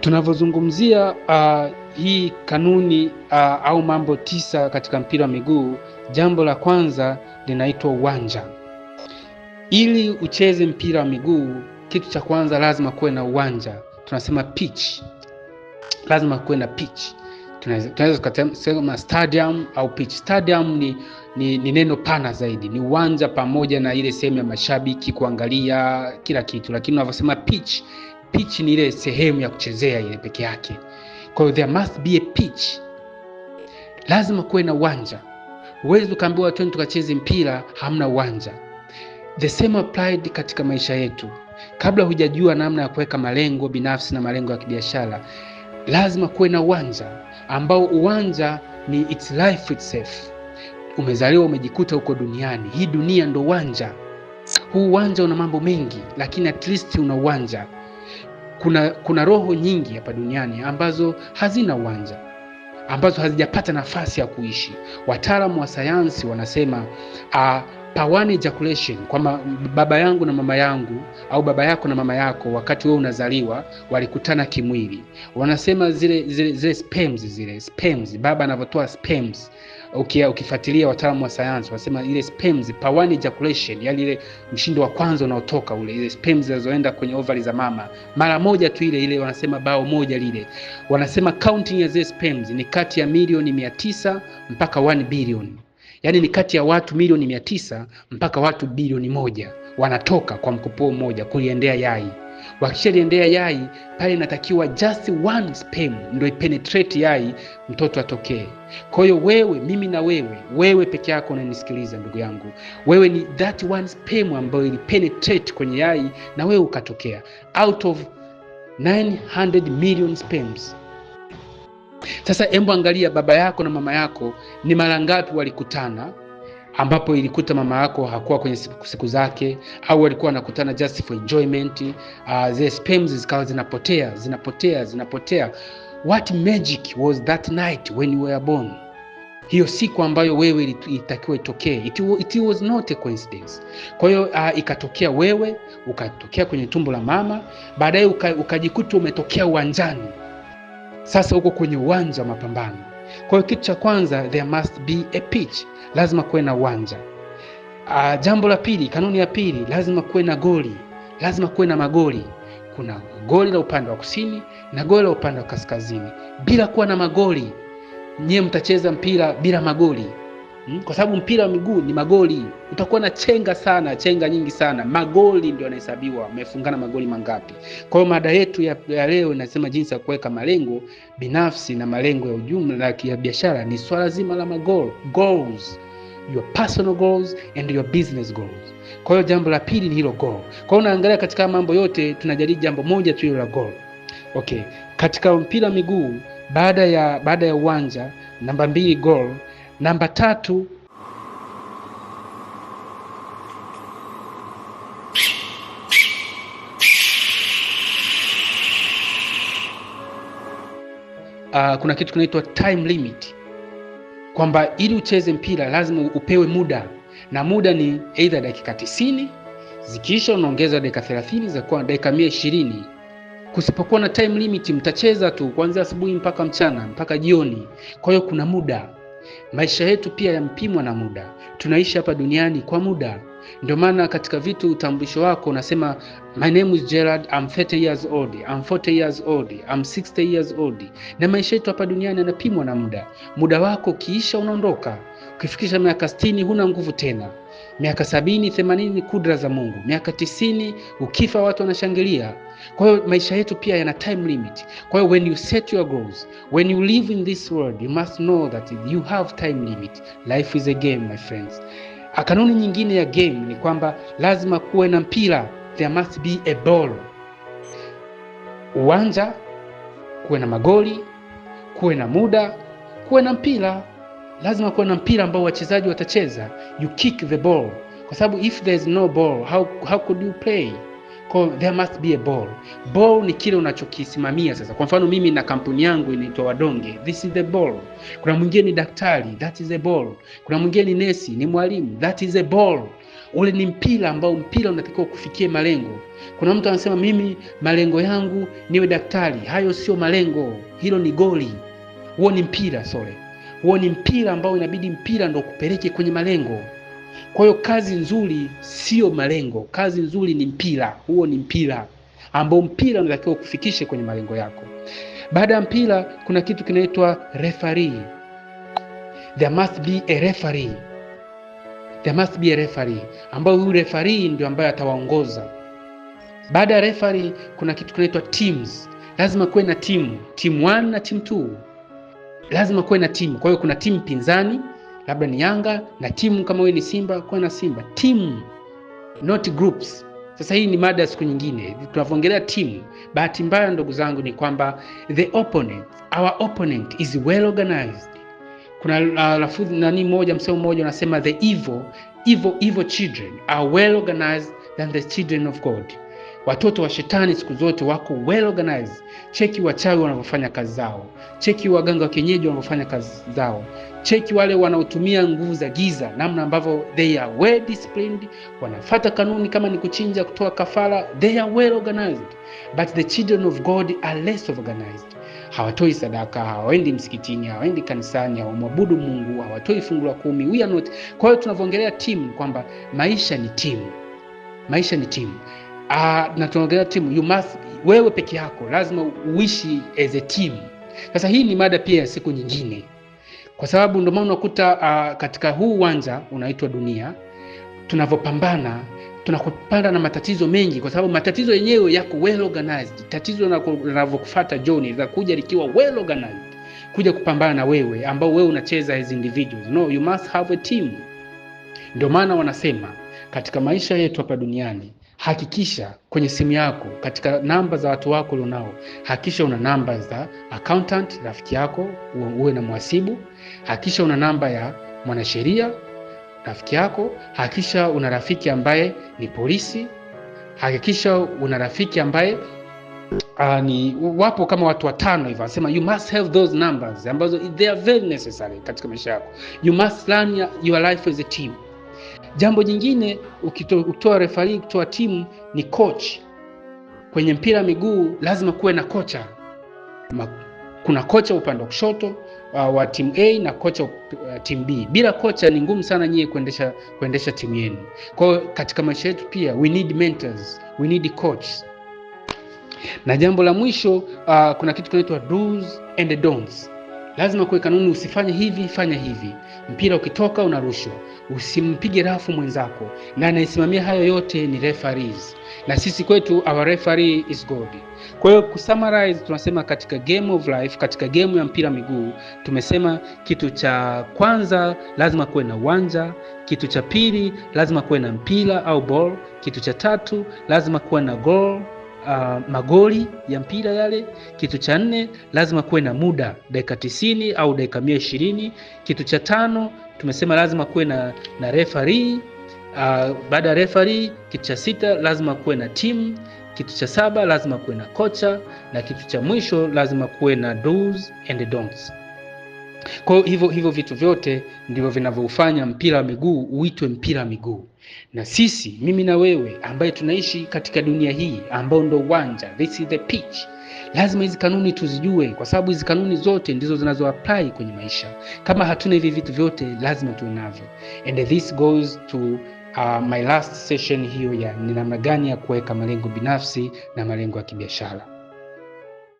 Tunavyozungumzia uh, hii kanuni uh, au mambo tisa katika mpira wa miguu, jambo la kwanza linaitwa uwanja. Ili ucheze mpira wa miguu, kitu cha kwanza lazima kuwe na uwanja, tunasema pitch. Lazima kuwe na pitch, tunaweza tukasema stadium au pitch. Stadium ni, ni, ni neno pana zaidi, ni uwanja pamoja na ile sehemu ya mashabiki kuangalia kila kitu, lakini unavyosema pitch pitch ni ile sehemu ya kuchezea ile peke yake. Kwa hiyo there must be a pitch, lazima kuwe na uwanja. Huwezi ukaambiwa twende tukacheze mpira hamna uwanja. The same applied katika maisha yetu. Kabla hujajua namna ya kuweka malengo binafsi na malengo ya kibiashara, lazima kuwe na uwanja ambao uwanja ni its life itself. Umezaliwa umejikuta huko duniani, hii dunia ndo uwanja huu. Uwanja una mambo mengi, lakini at least una uwanja kuna, kuna roho nyingi hapa duniani ambazo hazina uwanja ambazo hazijapata nafasi ya kuishi. Wataalamu wa sayansi wanasema uh, ah, pawane ejaculation, kwamba baba yangu na mama yangu au baba yako na mama yako wakati wewe unazaliwa walikutana kimwili. Wanasema zile zile zile spams, zile spams, baba anavyotoa spams ukifuatilia wataalamu wa sayansi wanasema ile spams, pawani ejaculation, yani ile mshindo wa kwanza unaotoka ule, ile spams zinazoenda kwenye ovary za mama mara moja tu ile ile, wanasema bao moja lile, wanasema counting ya zile spams ni kati ya milioni mia tisa mpaka 1 billion, yani ni kati ya watu milioni mia tisa mpaka watu bilioni moja wanatoka kwa mkupuo mmoja kuliendea yai. Wakishaliendea yai pale, inatakiwa just one sperm ndio ipenetrate yai, mtoto atokee. Kwa hiyo wewe, mimi na wewe, wewe peke yako unanisikiliza ndugu yangu, wewe ni that one sperm ambayo ilipenetrate kwenye yai na wewe ukatokea, out of 900 million sperms. Sasa embo, angalia baba yako na mama yako ni mara ngapi walikutana ambapo ilikuta mama yako hakuwa kwenye siku, siku zake au alikuwa anakutana just for enjoyment. Uh, zile spams zikawa zinapotea zinapotea zinapotea. What magic was that night when you were born? Hiyo siku ambayo wewe ilitakiwa itokee, it, it was not a coincidence. Kwa hiyo uh, ikatokea wewe ukatokea kwenye tumbo la mama, baadaye ukajikuta umetokea uwanjani. Sasa uko kwenye uwanja wa mapambano kwa hiyo kitu cha kwanza, there must be a pitch, lazima kuwe na uwanja. Uh, jambo la pili, kanuni ya pili, lazima kuwe na goli, lazima kuwe na magoli. Kuna goli la upande wa kusini na goli la upande wa kaskazini. Bila kuwa na magoli, nyie mtacheza mpira bila magoli hmm? Kwa sababu mpira wa miguu ni magoli, utakuwa na chenga sana, chenga nyingi sana, magoli ndio yanahesabiwa, amefungana magoli mangapi. Kwa hiyo mada yetu ya, ya leo inasema jinsi ya kuweka malengo binafsi na malengo ya ujumla ya biashara, ni swala zima la magoli, goals your personal goals and your business goals. Kwa hiyo jambo la pili ni hilo goal. Kwa hiyo unaangalia katika mambo yote tunajadili jambo moja tu hilo la goal. Okay, katika mpira miguu baada ya baada ya uwanja namba mbili goal Namba tatu, uh, kuna kitu kinaitwa time limit, kwamba ili ucheze mpira lazima upewe muda, na muda ni aidha dakika tisini, zikiisha unaongeza dakika 30 za kuwa dakika mia ishirini. Kusipokuwa na time limit, mtacheza tu kuanzia asubuhi mpaka mchana mpaka jioni. Kwa hiyo kuna muda Maisha yetu pia yampimwa na muda. Tunaishi hapa duniani kwa muda. Ndio maana katika vitu utambulisho wako unasema my name is gerard I'm 30 years old, I'm 40 years old, I'm 60 years old. Na maisha yetu hapa duniani yanapimwa na muda. Muda wako ukiisha, unaondoka. Ukifikisha miaka 60 huna nguvu tena miaka sabini themanini kudra za Mungu, miaka tisini ukifa watu wanashangilia. Kwa hiyo maisha yetu pia yana time limit. Kwa hiyo when you set your goals, when you live in this world, you must know that you have time limit. Life is a game my friends. Kanuni nyingine ya game ni kwamba lazima kuwe na mpira, there must be a ball. Uwanja kuwe na magoli, kuwe na muda, kuwe na mpira lazima kuwa na mpira ambao wachezaji watacheza, you kick the ball, kwa sababu if there is no ball how, how could you play? Kwa there must be a ball. Ball ni kile unachokisimamia sasa. Kwa mfano mimi na kampuni yangu inaitwa Wadonge, this is the ball. Kuna mwingine ni daktari, that is a ball. Kuna mwingine ni nesi, ni mwalimu, that is a ball. Ule ni mpira ambao mpira unatakiwa kufikia malengo. Kuna mtu anasema mimi malengo yangu niwe daktari. Hayo sio malengo, hilo ni goli. Huo ni mpira sorry huo ni mpira ambao inabidi mpira ndo kupeleke kwenye malengo. Kwa hiyo kazi nzuri sio malengo, kazi nzuri ni mpira. Huo ni mpira ambao mpira unatakiwa kufikishe kwenye malengo yako. Baada ya mpira, kuna kitu kinaitwa referee. There must be a referee, there must be a referee, ambayo huyu referee ndio ambaye atawaongoza. Baada ya referee, kuna kitu kinaitwa teams. Lazima kuwe na timu, timu 1 na timu 2 lazima kuwe na timu. Kwa hiyo kuna timu pinzani, labda ni Yanga na timu kama wewe ni Simba, kuwe na Simba timu, not groups. Sasa hii ni mada ya siku nyingine, tunavyoongelea timu. Bahati mbaya ndugu zangu ni kwamba the opponent, our opponent is well organized. Kuna uh, lafudhi nani moja, msemo mmoja unasema the evil, evil, evil children are well organized than the children of God. Watoto wa shetani siku zote wako well organized. Cheki wachawi wanavyofanya kazi zao, cheki waganga wa kienyeji wanavyofanya kazi zao, cheki wale wanaotumia nguvu za giza, namna ambavyo they are well disciplined, wanafata kanuni, kama ni kuchinja, kutoa kafara, they are well organized, but the children of God are less organized. Hawatoi sadaka, hawaendi msikitini, hawaendi kanisani, hawamwabudu Mungu, hawatoi fungu la kumi. We are not. Kwa hiyo tunavyoongelea timu kwamba maisha ni timu, maisha ni timu uh, na tunaongelea timu, you must wewe peke yako, lazima uishi as a team. Sasa hii ni mada pia ya siku nyingine, kwa sababu ndio maana unakuta uh, katika huu uwanja unaitwa dunia tunavyopambana tunakupanda na matatizo mengi, kwa sababu matatizo yenyewe yako well organized. Tatizo linavyokufuata John litakuja likiwa well organized kuja kupambana na wewe, ambao wewe unacheza as individuals. No, you must have a team. Ndio maana wanasema katika maisha yetu hapa duniani hakikisha kwenye simu yako, katika namba za watu wako ulionao, hakikisha una namba za accountant rafiki yako, uwe na mwasibu Hakikisha una namba ya mwanasheria rafiki yako. Hakikisha una rafiki ambaye ni polisi. Hakikisha una rafiki ambaye Uh, ni wapo kama watu watano hivyo, anasema you must have those numbers ambazo they are very necessary katika maisha yako. You must learn your life as a team. Jambo jingine ukitoa refari, kutoa timu ni coach. Kwenye mpira miguu lazima kuwe na kocha. Kuna kocha upande wa kushoto wa timu A na kocha wa eh, timu B. Bila kocha ni ngumu sana nyie kuendesha kuendesha timu yenu. Kwa hiyo katika maisha yetu pia we need mentors, we need coaches. Na jambo la mwisho uh, kuna kitu kinaitwa do's and don'ts. Lazima kuwe kanuni, usifanye hivi, fanya hivi mpira ukitoka unarushwa, usimpige rafu mwenzako, na anayesimamia hayo yote ni referees, na sisi kwetu our referee is God. Kwa hiyo kusummarize, tunasema katika game of life, katika game ya mpira miguu, tumesema kitu cha kwanza lazima kuwe na uwanja, kitu cha pili lazima kuwe na mpira au ball, kitu cha tatu lazima kuwe na goal uh, magoli ya mpira yale. Kitu cha nne, lazima kuwe na muda dakika tisini au dakika mia ishirini. Kitu cha tano, tumesema lazima kuwe na, na referee uh, baada ya referee. Kitu cha sita, lazima kuwe na timu. Kitu cha saba, lazima kuwe na kocha, na kitu cha mwisho, lazima kuwe na do's and don'ts. Kwa hivyo hivyo vitu vyote ndivyo vinavyofanya mpira wa miguu uitwe mpira wa miguu na sisi, mimi na wewe, ambaye tunaishi katika dunia hii, ambao ndo uwanja, this is the pitch, lazima hizi kanuni tuzijue, kwa sababu hizi kanuni zote ndizo zinazo apply kwenye maisha. Kama hatuna hivi vitu vyote, lazima tuwe navyo, and this goes to Uh, my last session hiyo ya ni namna gani ya kuweka malengo binafsi na malengo ya kibiashara.